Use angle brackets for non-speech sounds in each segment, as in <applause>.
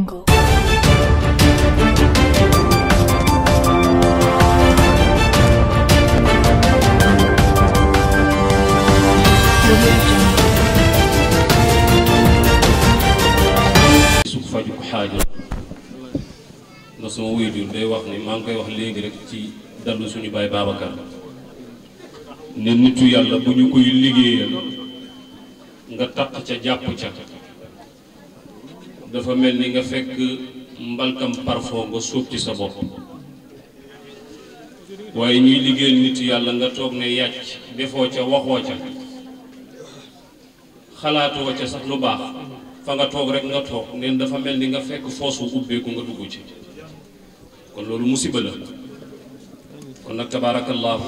Jungle. su faju xaajo day wax ni maa ngi koy wax léegi rek ci dallu suñu baay Babacar ne nitu yàlla bu ñu koy liggéeyal nga takk ca jàpp ca dafa mel ni nga fekk mbalkam parfum nga suub ci sa bopp waaye ñuy liggéeyal nit yàlla nga toog ne yàcc defoo ca waxoo ca xalaatoo ca sax lu baax fa nga toog rek nga toog neen dafa mel ni nga fekk foosu ubbeeku nga dugg ci kon loolu musiba la kon nag tabaarakallaahu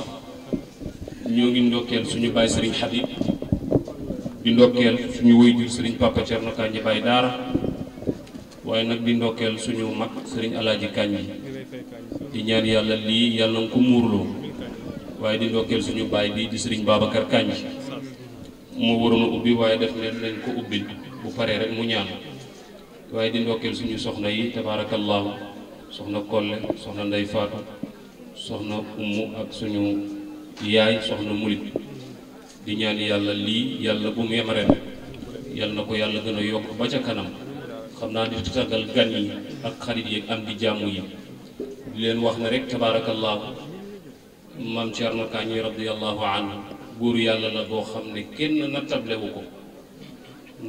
ñoo ngi ndokkeel suñu baay sëriñ Habib di ndokkeel suñu wéyjur sëriñ Papa Thierno Kandji Baye Daara waaye nag di ndokkeel suñu mag sëriñ alaaji kañ yi di ñaan yàlla lii yàlla na ko muurloo waaye di ndokkeel suñu baay bi di sëriñ Babacar kañ moo waroon ubbi waaye def leen lañ ko ubbi bu paree rek mu ñaan waaye di ndokkeel suñu soxna yi tabaarakallaahu soxna Kolle soxna Ndey Faatu soxna Umu ak suñu yaay soxna mulit di ñaan yàlla lii yàlla bu mu yàlla na ko yàlla gën a yokk ba ca kanam xam naa di tàggal gan yi ak xarit yi am di jàmm yi leen wax na rek tabaarakallaahu maam Cerno Kaañi radiyallaahu anhu buur yàlla na boo xam ne kenn nattablewu ko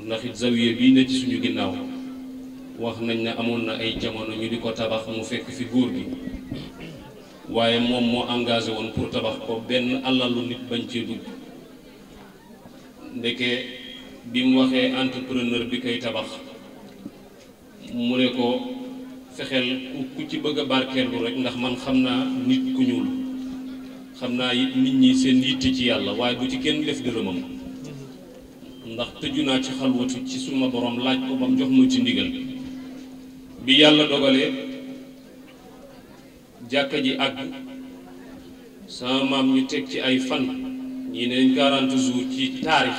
ndax it zawiya bii ne ci suñu ginnaaw wax nañ ne amoon na ay jamono ñu di ko tabax mu fekk fi góor bi waaye moom moo engagé woon pour tabax ko benn alalu nit bañ cee dugg ndeke bi mu waxee entrepreneur bi koy tabax mu ne ko fexeel ku ci bëgg a barkeelu rek ndax man xam naa nit ku ñuul xam naa it nit ñi seen yitte ci yàlla waaye bu ci kenn def dërëmam ndax tëju naa ci xalwatu ci suma borom laaj ko bam jox ma ci ndigal bi yàlla dogalee jàkka ji àgg sama maam ñu teg ci ay fan ñii neen quarante jours ci taarix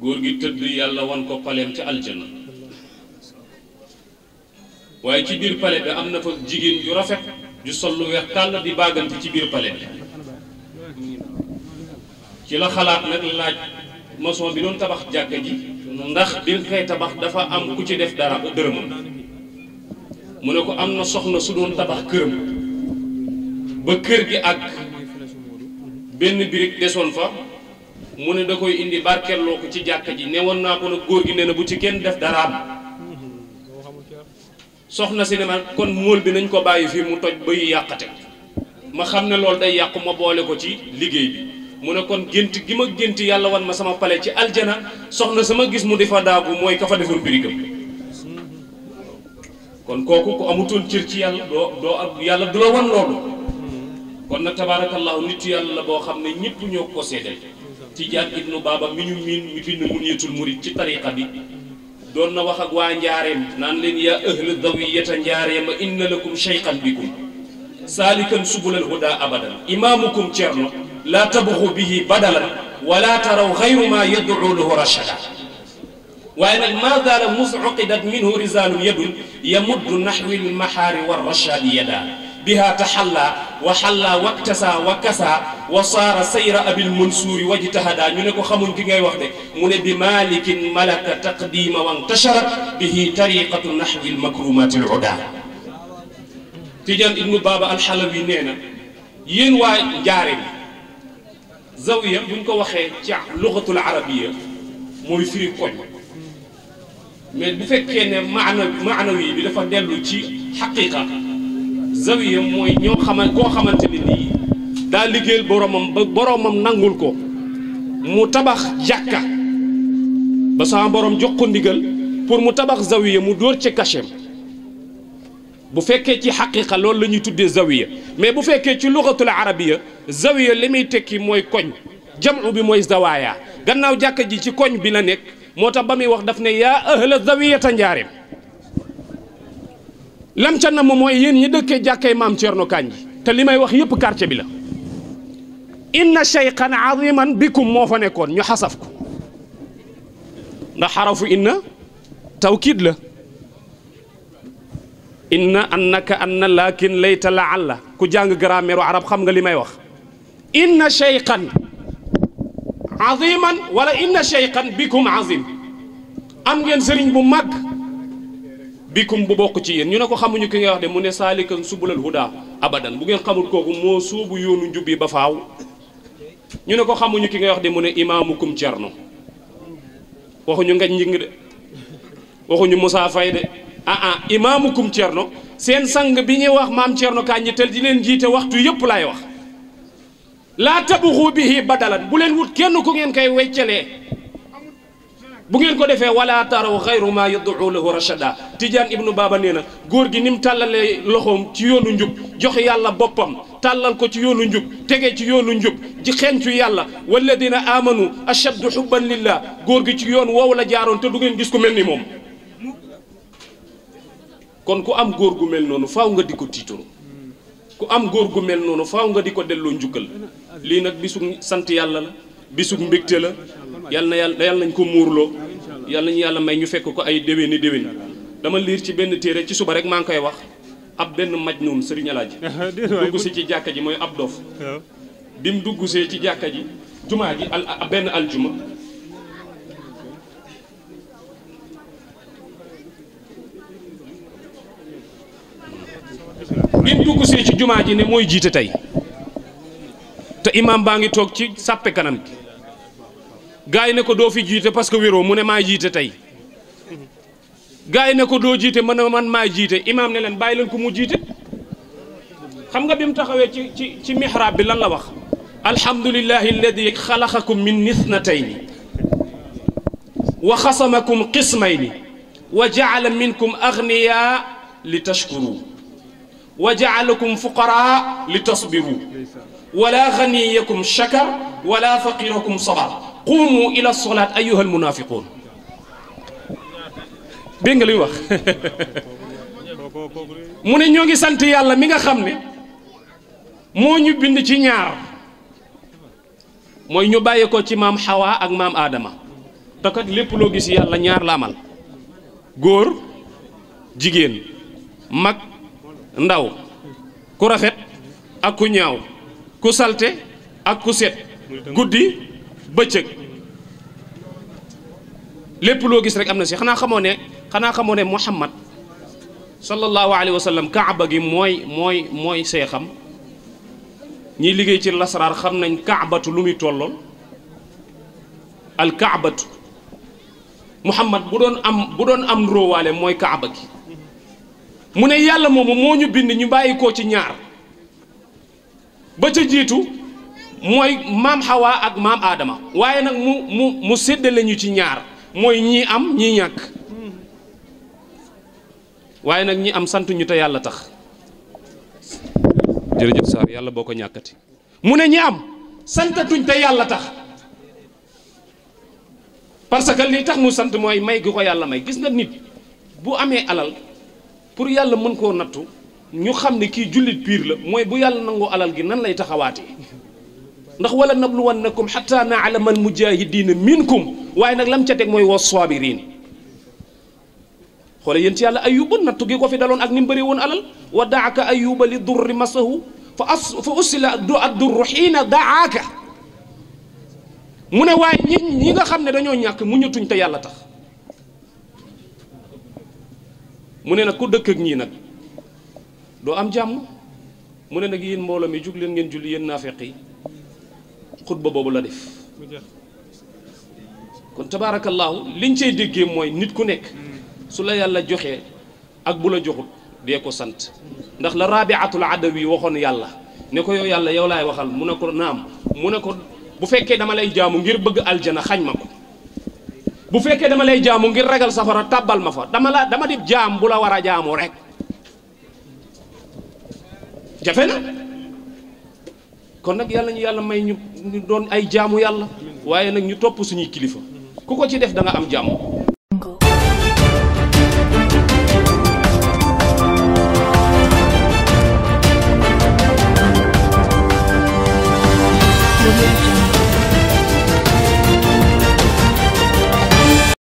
góor gi tëdd yàlla wan ko paleem ca aljana waaye ci biir palais bi am na fa jigéen ju rafet ju sol lu weex tàll di bàggante ci biir palais bi ci la xalaat nag laaj maçon bi doon tabax jàkka ji ndax bi nga tabax dafa am ku ci def dara dërëmam mu ne ko am na soxna su doon tabax këram ba kër gi ak benn birig desoon fa mu ne da koy indi barkeeloo ko ci jàkka ji ne woon naa ko nag góor gi nee na bu ci kenn def daraam soxna si ne ma kon móol bi nañ ko bàyyi fii mu toj ba yu yàqate ma xam ne loolu day yàqu ma boole ko ci liggéey bi mu ne kon gént gi ma gént yàlla wan ma sama pale ci aljana soxna sama gis mu di fa mooy ka fa defar birigam kon kooku ku amutoon cër ci yàlla doo ak yàlla du la wan loolu kon nag tabaarakallaahu nit yàlla la boo xam ne ñëpp ñoo ko seedeel ci jaar ibnu baaba mi ñu miin mi bind mu niitul murit ci tariqa bi doon na wax ak waa njaareem naan leen yaa ahla dawiyata njaareema inna lakum shayqan bikum saalikan subulal huda abadan imaamukum cerno laa tabuxu bihi badalan wala taraw xayru ma yad'u lahu rashada waaye nag maa zaala musuqidat minhu rizaalun yadun yamuddu naxwi lmaxaari warrashaadi yadaa biha taxalla wa xalla waktasa wa kasa wa saara sayra abil mansuuri wajtahada ñu ne ko xamuñ ki ngay wax de mu ne bi malikin malaka taqdima wa ntasharat bihi tariqatu naxwi almakrumati aluda tijaan ibnu baaba alxalawi nee na yéen waa njaare bi zawiya buñ ko waxee ci lugatul arabiya mooy firi koñ mais bu fekkee ne maana maanawi bi dafa dellu ci xaqiqa zawiya mooy ñoo xaman koo xamante ni nii daa liggéeyal boromam ba boromam nangul ko mu tabax jàkka ba sama borom jox ko ndigal pour mu tabax zawiya mu dóor ci kachem bu fekkee ci xaqiqa loolu la ñuy tuddee zawiya mais bu fekkee ci lugatul arabiya zawiya li muy tekki mooy koñ jamu bi mooy zawaaya gannaaw jàkka ji ci koñ bi la nekk moo tax ba muy wax daf ne yaa ahla zawiyata njaareem lam ca na moom mooy yéen ñi dëkkee jàkkee maam Thierno Kandji te li may wax yépp quartier bi la inna shayqan aziman bikum moo fa nekkoon ñu xasaf ko ndax xarafu inna tawkiid la inna annaka anna laakin layta laalla ku jàng grammaire arab xam nga li may wax inna shayqan aziman wala inna shayqan am ngeen sëriñ bu mag bikum bu bokk ci yéen ñu ne ko xamuñu ki ngay wax de mu ne saalikan subulal huda abadan bu ngeen xamul kooku moo suubu yoonu njub ba faaw ñu ne ko xamuñu ki ngay wax de mu ne imaamukum cerno waxuñu ngañ njing de waxuñu Moussa Faye de ah ah imaamukum cerno seen sang bi ñuy wax maam cerno kaa ñi tel di leen jiite waxtu yépp laay wax laa tabuxu bihi badalan bu leen wut kenn ku ngeen koy weccalee bu ngeen ko defee wala taraw xayru ma yad'u lahu rachada Tidiane ibnu Baba nee na góor gi ni mu tàllalee loxoom ci yoonu njub jox yàlla boppam tàllal ko ci yoonu njub tege ci yoonu njub ji xencu yàlla dina amanu ashaddu xubban lillah góor gi ci yoon woowu la jaaroon te du ngeen gis ku mel ni moom kon ku am góor gu mel noonu faw nga di ko tiitaru ku am góor gu mel noonu faw nga di ko delloo njukkal lii nag bisu sant yàlla la bisu mbégte la yal na yàlla nañ ko muurloo yal yàlla may ñu fekk ko ay déwéni déwéni dama liir ci benn téere ci suba rek maa ngi koy wax ab benn majnuun sëriñ alaaji yi si ci jàkka ji mooy ab dof bi mu dugg see ci jàkka ji jumaa ji al benn aljuma dugg see ci jumaa ji ne mooy jiite tey te imaam baa ngi toog ci sàppe kanam gi gars yi ne ko doo fi jiite parce que wéroo mu ne maa jiite tey gars yi ne ko doo jiite man man maa jiite imaam ne leen bàyyi leen ko mu jiite xam nga bi mu taxawee ci ci ci mihraab bi lan la wax alhamdulillahi alladi xalaqakum min nisnatayni wa xasamakum qismayni wa jaala minkum agniya li tashkuru wa jaalakum fuqara li tasbiru wala ganiyakum shakar wala faqirakum sabar qumu ila solaat ayyuhal munaafiquun dégg nga li wax <laughs> mu ne ñoo ngi sant yàlla mi nga xam ne moo ñu bind ci ñaar mooy ñu bàyyi ko ci maam Xawa ak maam aadama te lépp loo gis yàlla ñaar la amal góor jigéen mag ndaw ku rafet ak ku ñaaw ku salte ak ku set guddi. bëccëg lépp loo gis rek am na si xanaa xamoo ne xanaa xamoo ne Muhammad sallallahu alayhi wa sallam kaaba gi mooy mooy mooy seexam ñiy liggéey ci lasaraar xam nañ kaabatu lu muy tollool al kaabatu Muhammad bu doon am bu doon am róowaale mooy kaaba gi mu ne yàlla moomu moo ñu bind ñu bàyyi koo ci ñaar ba mooy maam Hawa ak maam aadama waaye nag mu mu mu séddale ñu ci ñaar mooy ñii am ñii ñàkk waaye nag ñi am santuñu te yàlla tax jërëjëf Sarr yàlla boo ko ñàkkati mu ne ñi am santatuñ te yàlla tax parce que li tax mu sant mooy may gi ko yàlla may gis nga nit bu amee alal pour yàlla mën koo nattu ñu xam ne kii jullit piir la mooy bu yàlla nangoo alal gi nan lay taxawaatee ndax wala nabluwannakum xataa naalama almujaahidiina minkum waaye nag lam ca teg mooy wa saabiriin xoole yéen ci yàlla ayuba nattu gi ko fi daloon ak ni mu bëri woon alal wa daaka ayuba li durri masahu fa as fa usila ad durru xiina daaka mu ne waaye ñi ñi nga xam ne dañoo ñàkk mu ñutuñ te yàlla tax mu ne nag ko dëkk ñii nag doo am jàmm mu ne nag yeen mbooloo mi jug leen ngeen julli yéen naafeq yi xutba boobu la def kon tabaarakallaahu liñ cay déggee mooy nit ku nekk su la yàlla joxee ak bu la joxul dee ko sant ndax la rabiatul adawi waxoon yàlla ne ko yow yàlla yow laay waxal mu ne ko naam mu ne ko bu fekkee dama lay jaamu ngir bëgg aljana xañ ma ko bu fekkee dama lay jaamu ngir ragal safara tàbbal ma fa dama la dama di jaam bu la war a jaamu rek jafe na kon nag yàlla ñu yàlla may ñu doon ay jaamu yàlla waaye nag ñu topp suñuy kilifa ku ko ci def da am jàmm